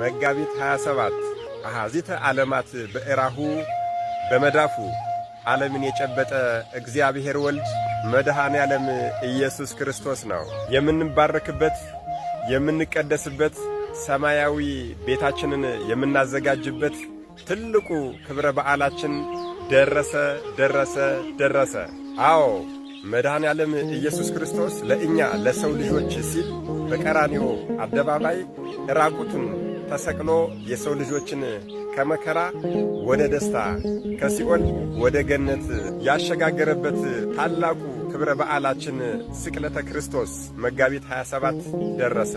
መጋቢት 27 አሐዚተ ዓለማት በእራሁ በመዳፉ ዓለምን የጨበጠ እግዚአብሔር ወልድ መድኃኔ ዓለም ኢየሱስ ክርስቶስ ነው የምንባረክበት የምንቀደስበት ሰማያዊ ቤታችንን የምናዘጋጅበት ትልቁ ክብረ በዓላችን ደረሰ ደረሰ ደረሰ። አዎ መድኃኔ ዓለም ኢየሱስ ክርስቶስ ለእኛ ለሰው ልጆች ሲል በቀራንዮ አደባባይ ራቁቱን ተሰቅሎ የሰው ልጆችን ከመከራ ወደ ደስታ ከሲኦል ወደ ገነት ያሸጋገረበት ታላቁ ክብረ በዓላችን ስቅለተ ክርስቶስ መጋቢት 27 ደረሰ።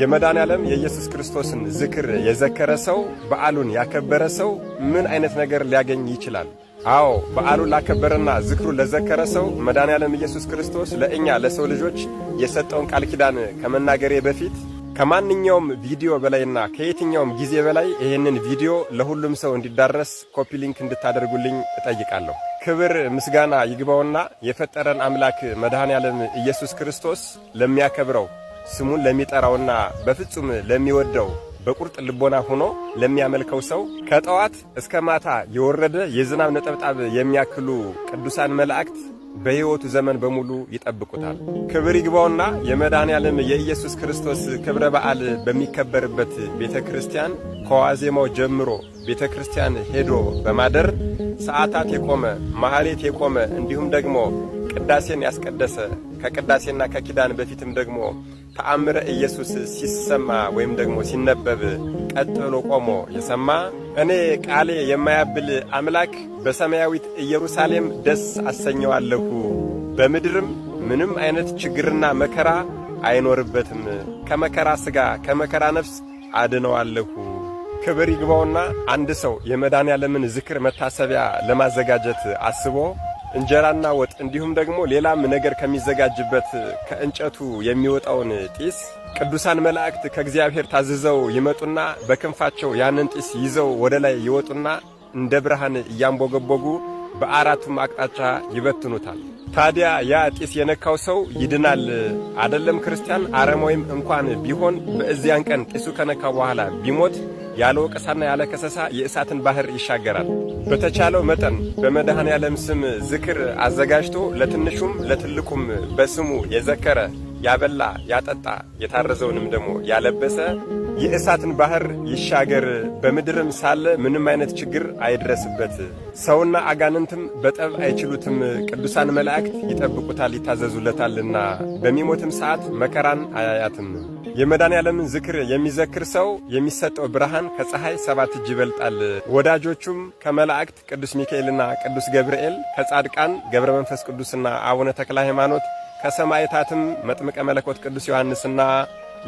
የመዳን ዓለም የኢየሱስ ክርስቶስን ዝክር የዘከረ ሰው በዓሉን ያከበረ ሰው ምን አይነት ነገር ሊያገኝ ይችላል? አዎ በዓሉን ላከበረና ዝክሩን ለዘከረ ሰው መዳን ዓለም ኢየሱስ ክርስቶስ ለእኛ ለሰው ልጆች የሰጠውን ቃል ኪዳን ከመናገሬ በፊት ከማንኛውም ቪዲዮ በላይና ከየትኛውም ጊዜ በላይ ይህንን ቪዲዮ ለሁሉም ሰው እንዲዳረስ ኮፒ ሊንክ እንድታደርጉልኝ እጠይቃለሁ። ክብር ምስጋና ይግባውና የፈጠረን አምላክ መድኃኔ ዓለም ኢየሱስ ክርስቶስ ለሚያከብረው ስሙን ለሚጠራውና በፍጹም ለሚወደው በቁርጥ ልቦና ሆኖ ለሚያመልከው ሰው ከጠዋት እስከ ማታ የወረደ የዝናብ ነጠብጣብ የሚያክሉ ቅዱሳን መላእክት በሕይወቱ ዘመን በሙሉ ይጠብቁታል። ክብር ይግባውና የመድኃኔ የኢየሱስ ክርስቶስ ክብረ በዓል በሚከበርበት ቤተ ክርስቲያን ከዋዜማው ጀምሮ ቤተ ክርስቲያን ሄዶ በማደር ሰዓታት የቆመ ማኅሌት የቆመ እንዲሁም ደግሞ ቅዳሴን ያስቀደሰ ከቅዳሴና ከኪዳን በፊትም ደግሞ ተአምረ ኢየሱስ ሲሰማ ወይም ደግሞ ሲነበብ ቀጥ ብሎ ቆሞ የሰማ እኔ ቃሌ የማያብል አምላክ በሰማያዊት ኢየሩሳሌም ደስ አሰኘዋለሁ፣ በምድርም ምንም አይነት ችግርና መከራ አይኖርበትም፣ ከመከራ ሥጋ ከመከራ ነፍስ አድነዋለሁ። ክብር ይግባውና አንድ ሰው የመድኃኔ ዓለምን ዝክር መታሰቢያ ለማዘጋጀት አስቦ እንጀራና ወጥ እንዲሁም ደግሞ ሌላም ነገር ከሚዘጋጅበት ከእንጨቱ የሚወጣውን ጢስ ቅዱሳን መላእክት ከእግዚአብሔር ታዝዘው ይመጡና በክንፋቸው ያንን ጢስ ይዘው ወደ ላይ ይወጡና እንደ ብርሃን እያንቦገቦጉ በአራቱም አቅጣጫ ይበትኑታል። ታዲያ ያ ጢስ የነካው ሰው ይድናል። አደለም ክርስቲያን፣ አረማዊም እንኳን ቢሆን በእዚያን ቀን ጢሱ ከነካ በኋላ ቢሞት ያለ ወቀሳና ያለ ከሰሳ የእሳትን ባህር ይሻገራል። በተቻለው መጠን በመድኃኔ ስም ዝክር አዘጋጅቶ ለትንሹም ለትልቁም በስሙ የዘከረ ያበላ፣ ያጠጣ የታረዘውንም ደግሞ ያለበሰ የእሳትን ባህር ይሻገር፣ በምድርም ሳለ ምንም አይነት ችግር አይድረስበት። ሰውና አጋንንትም በጠብ አይችሉትም፣ ቅዱሳን መላእክት ይጠብቁታል ይታዘዙለታልና፣ በሚሞትም ሰዓት መከራን አያያትም። የመዳን ያለምን ዝክር የሚዘክር ሰው የሚሰጠው ብርሃን ከፀሐይ ሰባት እጅ ይበልጣል። ወዳጆቹም ከመላእክት ቅዱስ ሚካኤልና ቅዱስ ገብርኤል ከጻድቃን ገብረ መንፈስ ቅዱስና አቡነ ተክለ ሃይማኖት ከሰማዕታትም መጥምቀ መለኮት ቅዱስ ዮሐንስና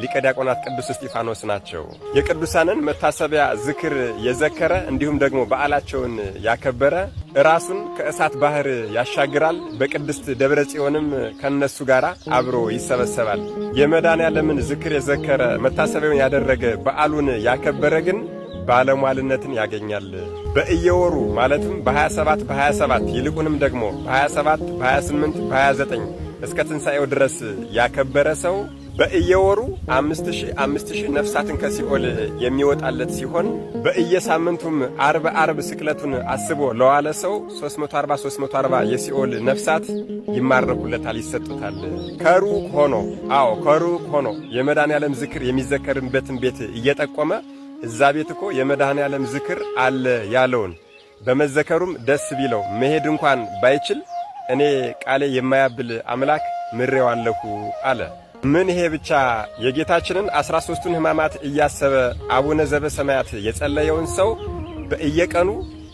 ሊቀ ዲያቆናት ቅዱስ እስጢፋኖስ ናቸው። የቅዱሳንን መታሰቢያ ዝክር የዘከረ እንዲሁም ደግሞ በዓላቸውን ያከበረ ራሱን ከእሳት ባህር ያሻግራል። በቅድስት ደብረ ጽዮንም ከነሱ ጋር አብሮ ይሰበሰባል። የመዳን ያለምን ዝክር የዘከረ መታሰቢያውን ያደረገ በዓሉን ያከበረ ግን ባለሟልነትን ያገኛል። በእየወሩ ማለትም በ27 በ27 ይልቁንም ደግሞ በ27 በ28 በ29 እስከ ትንሣኤው ድረስ ያከበረ ሰው በእየወሩ አምስት ሺህ አምስት ሺህ ነፍሳትን ከሲኦል የሚወጣለት ሲሆን በእየሳምንቱም አርብ አርብ ስቅለቱን አስቦ ለዋለ ሰው 340 340 የሲኦል ነፍሳት ይማረኩለታል፣ ይሰጡታል። ከሩቅ ሆኖ አዎ ከሩቅ ሆኖ የመድኃኔ ዓለም ዝክር የሚዘከርበትን ቤት እየጠቆመ እዛ ቤት እኮ የመድኃኔ ዓለም ዝክር አለ ያለውን በመዘከሩም ደስ ቢለው መሄድ እንኳን ባይችል እኔ ቃሌ የማያብል አምላክ ምሬዋለሁ አለ። ምን ይሄ ብቻ! የጌታችንን አስራ ሦስቱን ሕማማት እያሰበ አቡነ ዘበ ሰማያት የጸለየውን ሰው በእየቀኑ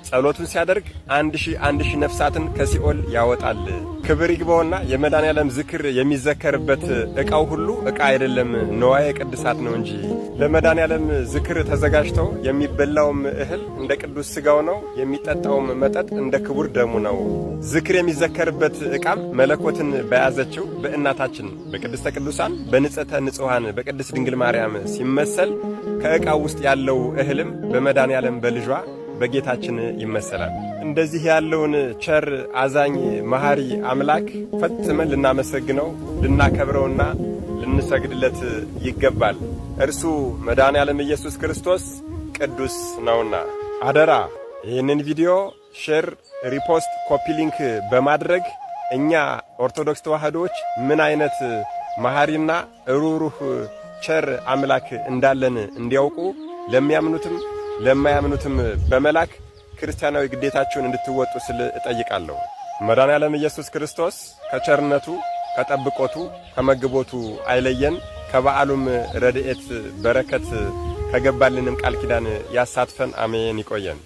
ጸሎቱን ሲያደርግ አንድ ሺህ አንድ ሺህ ነፍሳትን ከሲኦል ያወጣል። ክብር ይግባውና የመድኃኔዓለም ዝክር የሚዘከርበት ዕቃው ሁሉ ዕቃ አይደለም፣ ንዋየ ቅድሳት ነው እንጂ። ለመድኃኔዓለም ዝክር ተዘጋጅተው የሚበላውም እህል እንደ ቅዱስ ሥጋው ነው፣ የሚጠጣውም መጠጥ እንደ ክቡር ደሙ ነው። ዝክር የሚዘከርበት ዕቃም መለኮትን በያዘችው በእናታችን በቅድስተ ቅዱሳን በንጽሕተ ንጹሐን በቅድስት ድንግል ማርያም ሲመሰል ከዕቃው ውስጥ ያለው እህልም በመድኃኔዓለም በልጇ በጌታችን ይመሰላል። እንደዚህ ያለውን ቸር አዛኝ፣ መሐሪ አምላክ ፈጽመን ልናመሰግነው ልናከብረውና ልንሰግድለት ይገባል። እርሱ መድኃኔ ዓለም ኢየሱስ ክርስቶስ ቅዱስ ነውና። አደራ ይህንን ቪዲዮ ሼር፣ ሪፖስት፣ ኮፒሊንክ በማድረግ እኛ ኦርቶዶክስ ተዋህዶዎች ምን አይነት መሐሪና ሩሩህ ቸር አምላክ እንዳለን እንዲያውቁ ለሚያምኑትም ለማያምኑትም በመላክ ክርስቲያናዊ ግዴታችሁን እንድትወጡ ስል እጠይቃለሁ። መዳን ያለም ኢየሱስ ክርስቶስ ከቸርነቱ ከጠብቆቱ ከመግቦቱ አይለየን፣ ከበዓሉም ረድኤት በረከት ከገባልንም ቃል ኪዳን ያሳትፈን። አሜን። ይቆየን።